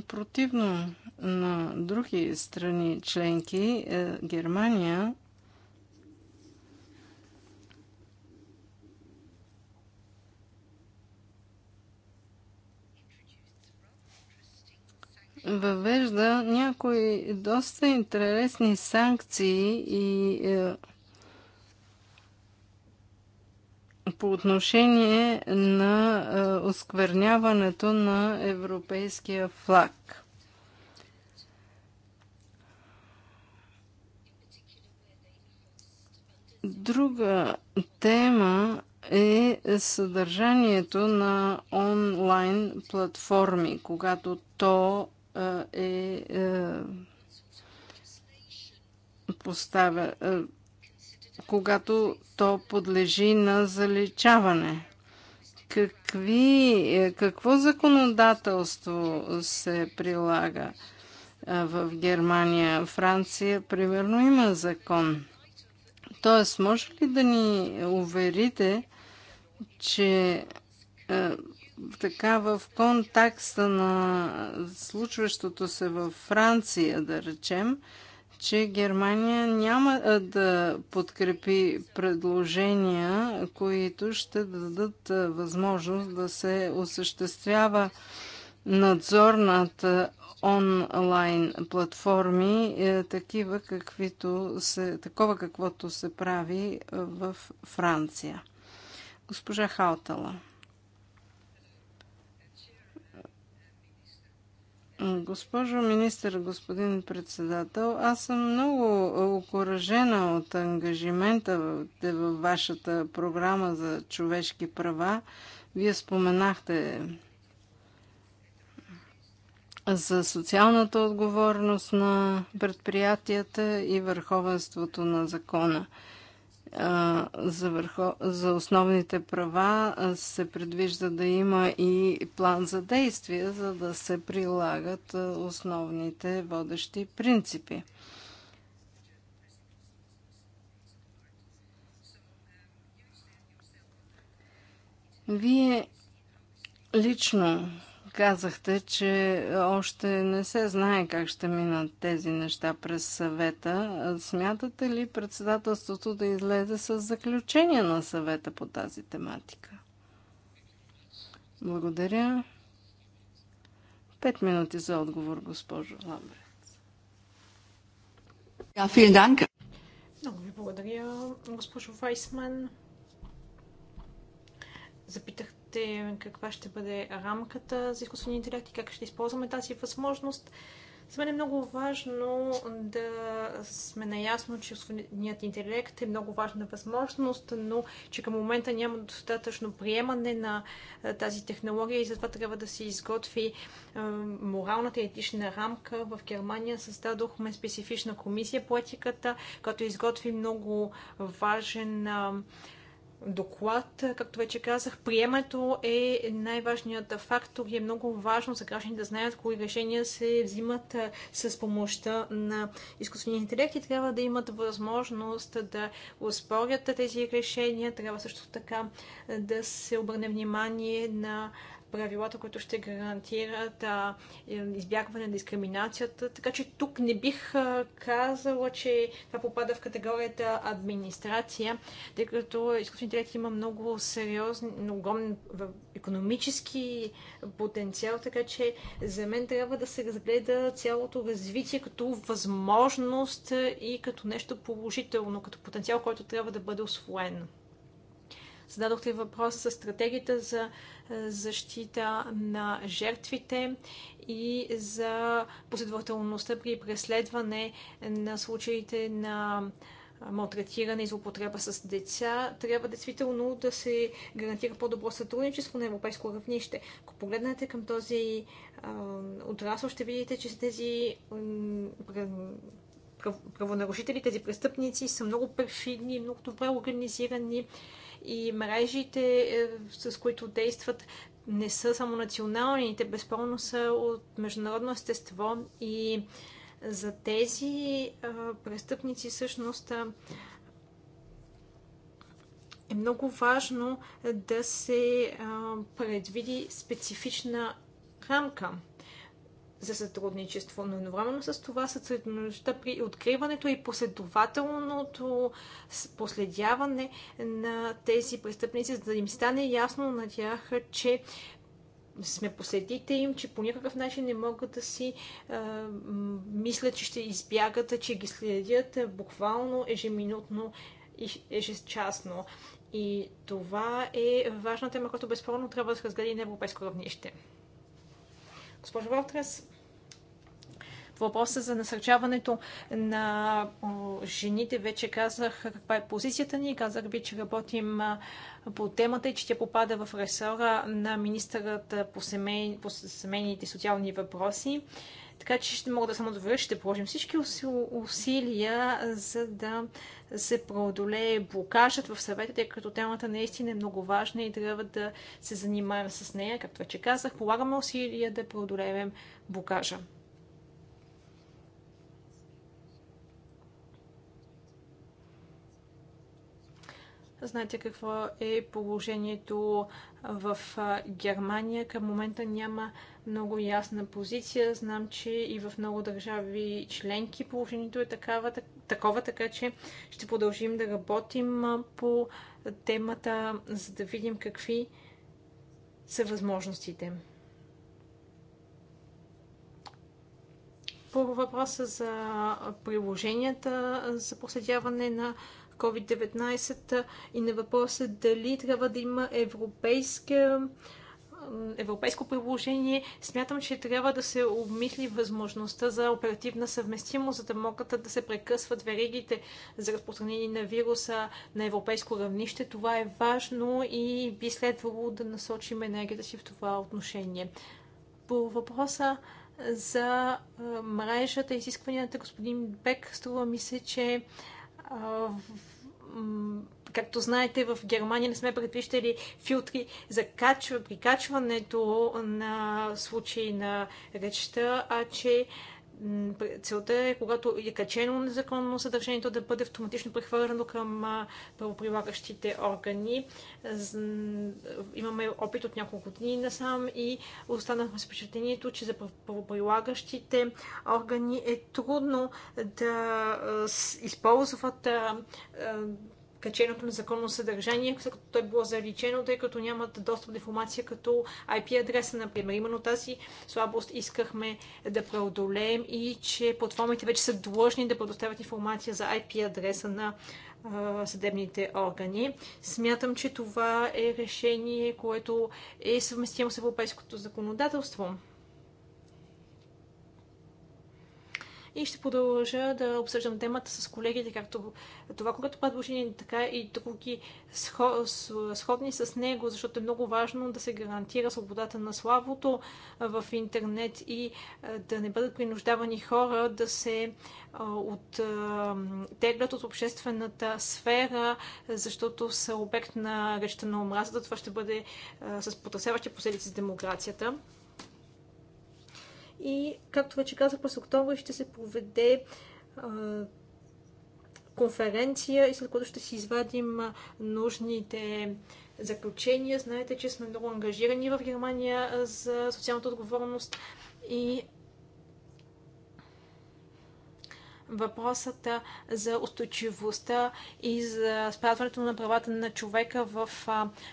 Противно на други страни членки, е, Германия въвежда някои доста интересни санкции и е, по отношение на е, оскверняването на европейския флаг. Друга тема е съдържанието на онлайн платформи, когато то е, е поставя, е, когато то подлежи на заличаване. Какви, е, какво законодателство се прилага е, в Германия? Франция, примерно, има закон. Тоест, може ли да ни уверите, че е, така в контакста на случващото се във Франция, да речем, че Германия няма да подкрепи предложения, които ще дадат възможност да се осъществява надзор над онлайн платформи, е, такива каквито се, такова каквото се прави в Франция. Госпожа Хаутала. Госпожо министър, господин председател, аз съм много окоръжена от ангажимента е във вашата програма за човешки права. Вие споменахте за социалната отговорност на предприятията и върховенството на закона за, върхо, за основните права се предвижда да има и план за действие, за да се прилагат основните водещи принципи. Вие лично Казахте, че още не се знае как ще минат тези неща през съвета. Смятате ли председателството да излезе с заключение на съвета по тази тематика? Благодаря. Пет минути за отговор, госпожо Ламбрец. Много ви благодаря, госпожо Вайсман. Запитах ще, каква ще бъде рамката за изкуствения интелект и как ще използваме тази възможност. За мен е много важно да сме наясно, че изкуственият интелект е много важна възможност, но че към момента няма достатъчно приемане на тази технология и затова трябва да се изготви моралната и етична рамка. В Германия създадохме специфична комисия по етиката, която изготви много важен доклад. Както вече казах, приемането е най-важният фактор и е много важно за граждани да знаят кои решения се взимат с помощта на изкуствения интелект и трябва да имат възможност да успорят тези решения. Трябва също така да се обърне внимание на правилата, които ще гарантират а, е, избягване на дискриминацията. Така че тук не бих а, казала, че това попада в категорията администрация, тъй като изкуствените интелект има много сериозен, огромен економически потенциал, така че за мен трябва да се разгледа цялото развитие като възможност и като нещо положително, като потенциал, който трябва да бъде освоен. Зададохте въпрос за стратегията за е, защита на жертвите и за последователността при преследване на случаите на е, малтретиране и злоупотреба с деца, трябва действително да се гарантира по-добро сътрудничество на европейско равнище. Ако погледнете към този а, е, отрасъл, ще видите, че тези правонарушители, тези престъпници са много перфидни, много добре организирани и мрежите, е, с които действат, не са само национални, те безспорно са от международно естество и за тези престъпници всъщност е много важно да се предвиди специфична рамка за сътрудничество, но едновременно с това сътрудничество при откриването и последователното последяване на тези престъпници, за да им стане ясно на тях, че сме последите им, че по някакъв начин не могат да си а, мислят, че ще избягат, че ги следят буквално ежеминутно и ежечасно. И това е важна тема, която безспорно трябва да се разгледа и на европейско равнище. Госпожо Валтрес, въпроса за насърчаването на жените вече казах каква е позицията ни. Казах ви, че работим по темата и че тя попада в ресора на министърът по, семей... по семейните социални въпроси. Така че ще мога да само удовлетворя, ще положим всички усилия, за да се преодолее блокажът в съвета, тъй като темата наистина е много важна и трябва да се занимаем с нея. Както вече казах, полагаме усилия да преодолеем блокажа. Знаете какво е положението в Германия. Към момента няма много ясна позиция. Знам, че и в много държави членки положението е такава, такова, така че ще продължим да работим по темата, за да видим какви са възможностите. По въпроса за приложенията за проследяване на COVID-19 и на въпроса дали трябва да има европейска европейско приложение, смятам, че трябва да се обмисли възможността за оперативна съвместимост, за да могат да се прекъсват веригите за разпространение на вируса на европейско равнище. Това е важно и би следвало да насочим енергията си в това отношение. По въпроса за мрежата, изискванията, господин Бек, струва ми се, че Както знаете, в Германия не сме предвиждали филтри за качва, прикачването на случаи на речта, а че Целта е, когато е качено незаконно съдържанието, да бъде автоматично прехвърлено към правоприлагащите органи. Имаме опит от няколко дни насам и останахме с впечатлението, че за правоприлагащите органи е трудно да използват каченото незаконно съдържание, като той е било заличено, тъй като нямат достъп до информация като IP адреса, например. Именно тази слабост искахме да преодолеем и че платформите вече са длъжни да предоставят информация за IP адреса на съдебните органи. Смятам, че това е решение, което е съвместимо с европейското законодателство. и ще продължа да обсъждам темата с колегите, както това, когато предложение, така и други сходни с него, защото е много важно да се гарантира свободата на славото в интернет и да не бъдат принуждавани хора да се оттеглят от обществената сфера, защото са обект на речта на омразата. Това ще бъде с потрясаващи последици с демокрацията. И, както вече казах, през октомври ще се проведе а, конференция и след което ще си извадим нужните заключения. Знаете, че сме много ангажирани в Германия за социалната отговорност и въпросът за устойчивостта и за спазването на правата на човека в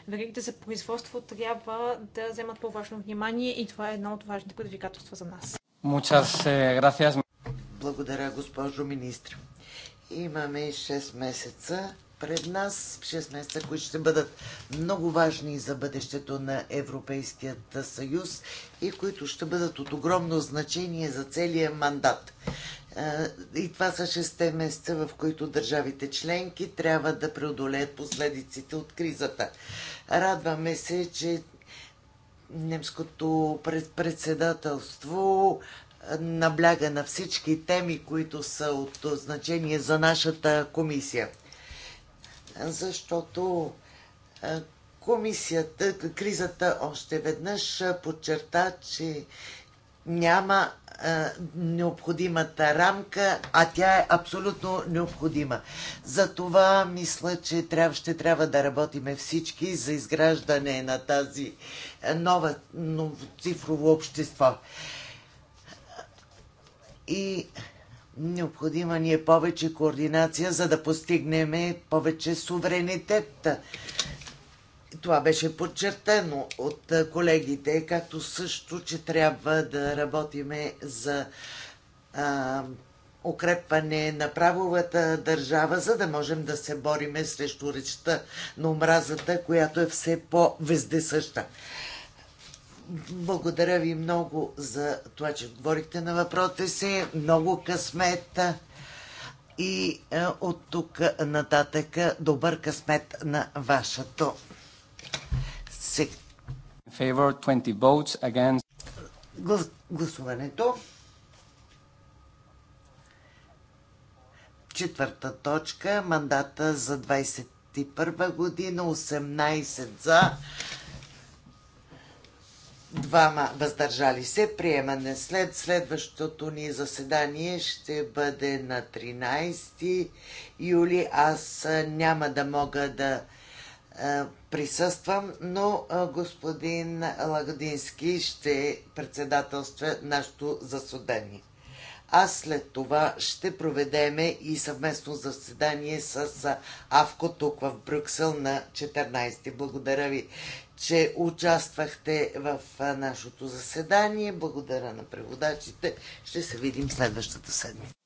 веригите за производство трябва да вземат по-важно внимание и това е едно от важните предизвикателства за нас. Е, Благодаря, госпожо министр. Имаме 6 месеца пред нас, 6 месеца, които ще бъдат много важни за бъдещето на Европейският съюз и които ще бъдат от огромно значение за целия мандат. И това са 6 месеца, в които държавите членки трябва да преодолеят последиците от кризата. Радваме се, че немското председателство набляга на всички теми, които са от значение за нашата комисия. Защото комисията, кризата още веднъж подчерта, че няма е, необходимата рамка, а тя е абсолютно необходима. За това мисля, че трябва, ще трябва да работиме всички за изграждане на тази е, нова, ново цифрово общество. И необходима ни е повече координация, за да постигнем повече суверенитет това беше подчертано от колегите, както също, че трябва да работиме за а, укрепване на правовата държава, за да можем да се бориме срещу речта на омразата, която е все по-вездесъща. Благодаря ви много за това, че отговорихте на въпроса си. Много късмета и от тук нататък добър късмет на вашето favor, 20 votes against. гласуването. Четвърта точка. Мандата за 21 година. 18 за. Двама въздържали се. Приемане след следващото ни заседание ще бъде на 13 юли. Аз няма да мога да присъствам, но господин Лагодински ще председателства нашето заседание. А след това ще проведеме и съвместно заседание с Авко тук в Брюксел на 14. Благодаря ви, че участвахте в нашето заседание. Благодаря на преводачите. Ще се видим следващата седмица.